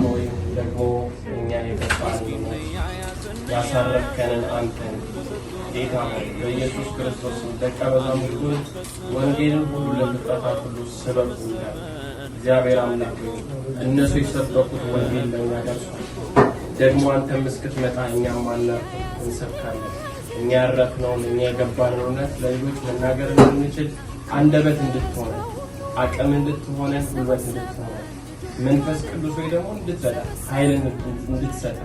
ሆይ ደግሞ እኛ የገባን ያሳረፍከንን አንተን ጌታ ሆይ በኢየሱስ ክርስቶስም ደቀ መዛሙርቱን ወንጌልን ሁሉ ለፍጥረታት ሁሉ ስበኩ እግዚአብሔር አምላክ። እነሱ የሰበኩት ወንጌል ለእኛ ደርሷል። ደግሞ አንተም እስክትመጣ እኛም አናርፍ እንሰብካለን። እኛ ያረፍነውን እኛ የገባንን እውነት ለሌሎች መናገር እንድንችል አንደበት እንድትሆነን አቅም እንድትሆነን ጉልበት እንድትሆነን መንፈስ ቅዱስ ወይ ደግሞ እንድትሰጣ ኃይልን እንድትሰጣ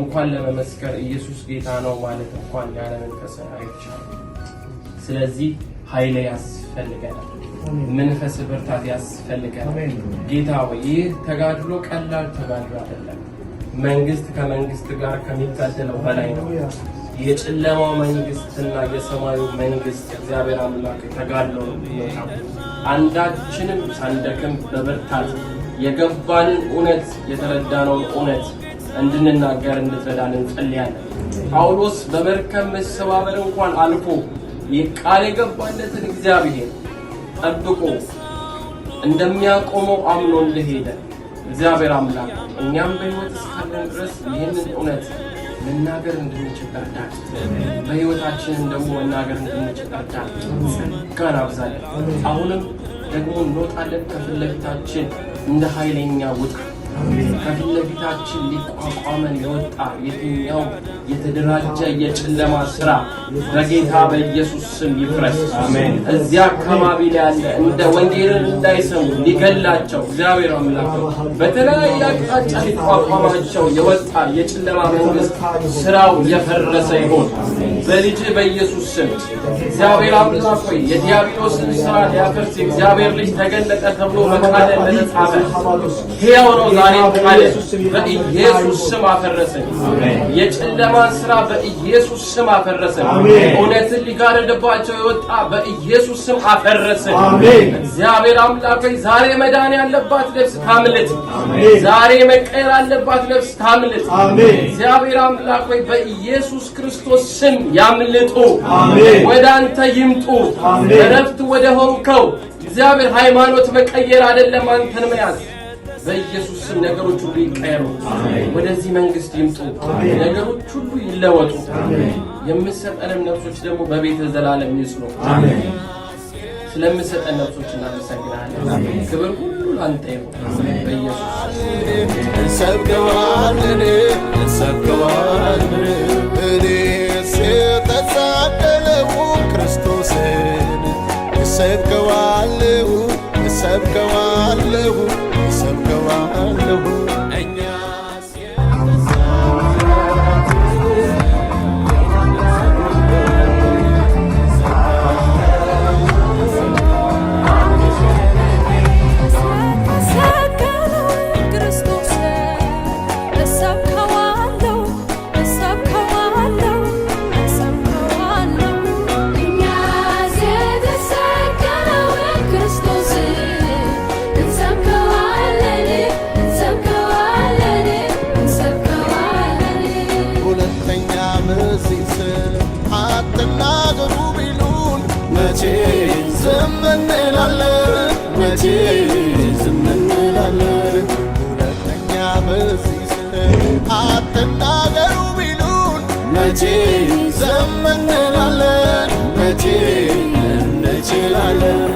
እንኳን ለመመስከር ኢየሱስ ጌታ ነው ማለት እንኳን ያለ መንፈስ አይቻልም። ስለዚህ ኃይል ያስፈልገናል። መንፈስ ብርታት ያስፈልገናል። ጌታ ወይ ይህ ተጋድሎ ቀላል ተጋድሎ አይደለም። መንግስት ከመንግስት ጋር ከሚታደለው በላይ ነው። የጨለማው መንግስትና የሰማዩ መንግስት እግዚአብሔር አምላክ ተጋድሎ ነው። አንዳችንም ሳንደክም በብርታት የገባንን እውነት የተረዳነውን እውነት እንድንናገር እንድትረዳን እንጸልያለን። ጳውሎስ በመርከብ መሰባበር እንኳን አልፎ ቃል የገባለትን እግዚአብሔር ጠብቆ እንደሚያቆመው አምኖ እንደሄደ እግዚአብሔር አምላክ እኛም በሕይወት እስካለን ድረስ ይህንን እውነት መናገር እንድንችል እርዳን። በሕይወታችንን ደግሞ መናገር እንድንችል እርዳን። አብዛለን። አሁንም ደግሞ እንወጣለን ከፊት ለፊታችን እንደ ኃይለኛ ውድቅ ከፊት ለፊታችን ሊቋቋመን የወጣ የትኛው የተደራጀ የጨለማ ስራ በጌታ በኢየሱስ ስም ይፍረስ። እዚያ አካባቢ ላይ ያለ እንደ ወንጌልን እንዳይሰሙ ሊገላቸው እግዚአብሔር አምላክ በተለያየ አቅጣጫ ሊቋቋማቸው የወጣ የጨለማ መንግስት ስራው የፈረሰ ይሆን በልጅ በኢየሱስ ስም። እግዚአብሔር አምላክ ሆይ የዲያብሎስን ስራ ሊያፈርስ የእግዚአብሔር ልጅ ተገለጠ ተብሎ መካደ እንደተጻፈ ሕያው ነው። በኢየሱስ ስም አፈረሰ የጨለማን ስራ በኢየሱስ ስም አፈረስን። እውነትን ሊጋረድባቸው የወጣ በኢየሱስ ስም አፈረስን። እግዚአብሔር አምላክ ዛሬ መዳን ያለባት ነፍስ ታምልጥ። ዛሬ መቀየር አለባት ነፍስ ታምልጥ። እግዚአብሔር አምላክ ሆይ በኢየሱስ ክርስቶስ ስም ያምልጡ፣ ወደ አንተ ይምጡ። እረፍት ወደ ሆንከው እግዚአብሔር ሃይማኖት መቀየር አይደለም አንተን መያዝ በኢየሱስ ስም ነገሮች ሁሉ ይቀየሩ፣ ወደዚህ መንግስት ይምጡ፣ ነገሮች ሁሉ ይለወጡ። የምሰጠንም ነፍሶች ደግሞ በቤተ ዘላለም ይጽኑ። ስለምሰጠን ነፍሶች እናመሰግናለን። ክብር ሁሉ ላንተ ይሁን በኢየሱስ እንሰብከዋለን እንሰብከዋለን له አትናገሩ ቢሉን መቼ ዘመንናለን መቼ እንችላለን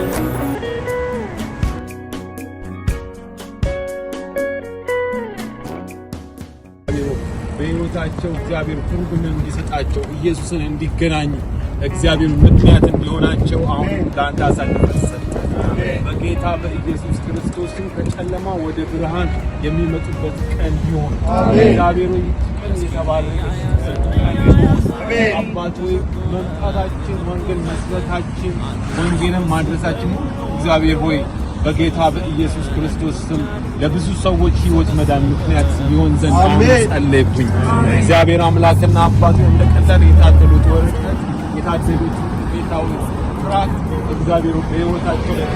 በሕይወታቸው እግዚአብሔር ትርጉም እንዲሰጣቸው ኢየሱስን እንዲገናኙ እግዚአብሔር ምክንያት እንዲሆናቸው አሁን ለአንተ አሳልፈን በጌታ በኢየሱስ ክርስቶስ ከጨለማ ወደ ብርሃን የሚመጡበት ቀን ቢሆን እግዚአብሔር ወይ ቀን የተባለ አባት ወይ መምጣታችን ወንጌል መስበካችን ወንጌልን ማድረሳችን እግዚአብሔር ሆይ በጌታ በኢየሱስ ክርስቶስ ስም ለብዙ ሰዎች ሕይወት መዳን ምክንያት ይሆን ዘንድ ጸለይኩኝ። እግዚአብሔር አምላክና አባቱ እንደ ቀላል የታደሉት ወር የታደሉት ጌታውን ፍርሃት እግዚአብሔር በሕይወታቸው ላይ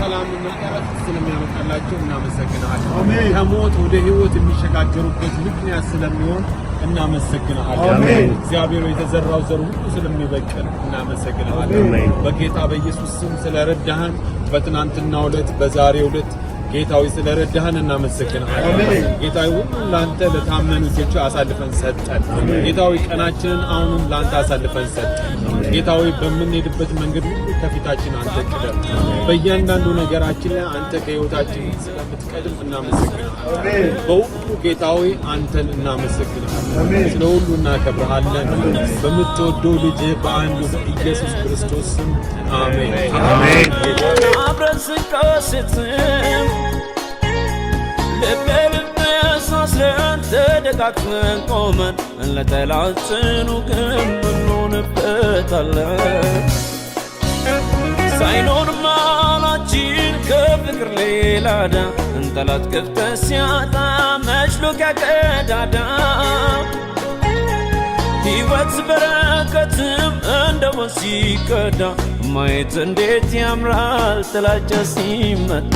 ሰላምና እረፍት ስለሚያመጣላቸው እናመሰግናለን። ከሞት ወደ ህይወት የሚሸጋገሩበት ምክንያት ስለሚሆን እናመሰግናለን። እግዚአብሔር የተዘራው ዘር ሁሉ ስለሚበቅል እናመሰግናለን። በጌታ በኢየሱስ ስም ስለረዳህን በትናንትና ዕለት በዛሬ ዕለት ጌታዊ ስለ ረዳህን እናመሰግናለን። ጌታዊ ሁሉን ላንተ ለታመኑ እጆች አሳልፈን ሰጠን። ጌታዊ ቀናችንን አሁንም ላንተ አሳልፈን ሰጠን። ጌታዊ በምንሄድበት መንገድ ሁሉ ከፊታችን አንተ ቅደም። በእያንዳንዱ ነገራችን ላይ አንተ ከህይወታችን ስለምትቀድም እናመሰግናለን። በሁሉ ጌታዊ አንተን እናመሰግናለን። ስለ ሁሉ እናከብረሃለን። በምትወደው ልጅ በአንዱ በኢየሱስ ክርስቶስ ስም አሜን። አብረን ስንቃስትም ልብ ተደጋግፈን ቆመን ለጠላት ጽኑ ግንብ እንሆንበታለን። ሳይኖር ማላችን ከፍቅር ሌላ ዳ እንጠላት ክፍተ ሲያጣ መችሎኪያ ቀዳዳ ሕይወት በረከትም እንደ ወንዝ ሲቀዳ ማየት እንዴት ያምራል ጥላቻ ሲመታ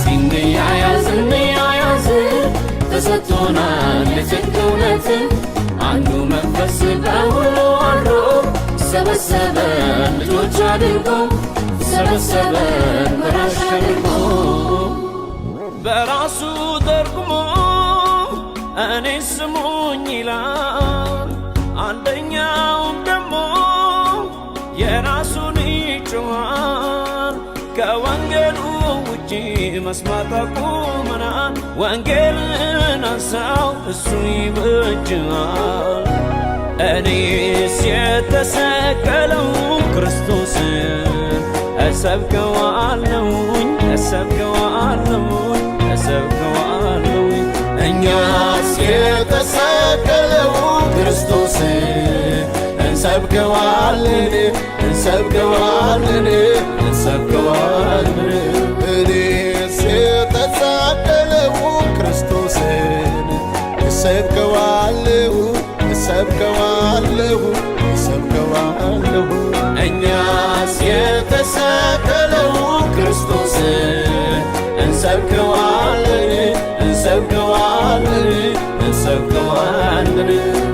ስንያያዝ ተሰጥቶናል ልጅ እውነት አንዱ መንፈስ በሁሉ አድሮ ሰበሰበ ልጆች አድርጎ ሰበሰበ ወራሽ አድርጎ በራሱ ተርጉሞ እኔ ስሙኝ ይላል። አንደኛውም ደግሞ የራሱን ይጮኻል። ከወንጌሉ ውጪ መስማት አቁመናል። ወንጌልን አንሳው እሱ ይበጅሃል። እኔስ የተሰቀለው ክርስቶስ እሰብከዋለሁኝ እሰብከዋለሁኝ እሰብከዋለሁኝ እኛስ የተሰቀለው ክርስቶስ እንሰብከዋለን እንሰብከዋለን እንሰብከዋለን እኔስ የተሰቀለው ክርስቶስን እሰብከ the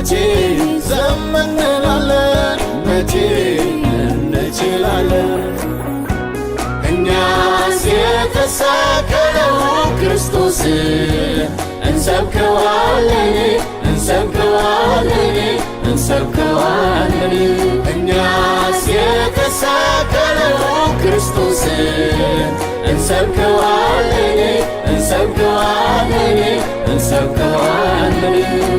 መቼ ዘመንላለን መቼ እንችላለን እኛስ የተሰቀለውን ክርስቶስ እንሰብከዋለን እንሰብከዋለን እንሰብከዋለን እኛስ የተሰቀለውን ክርስቶስ እንሰብከዋለን እንሰብከዋለን እንሰብከዋለን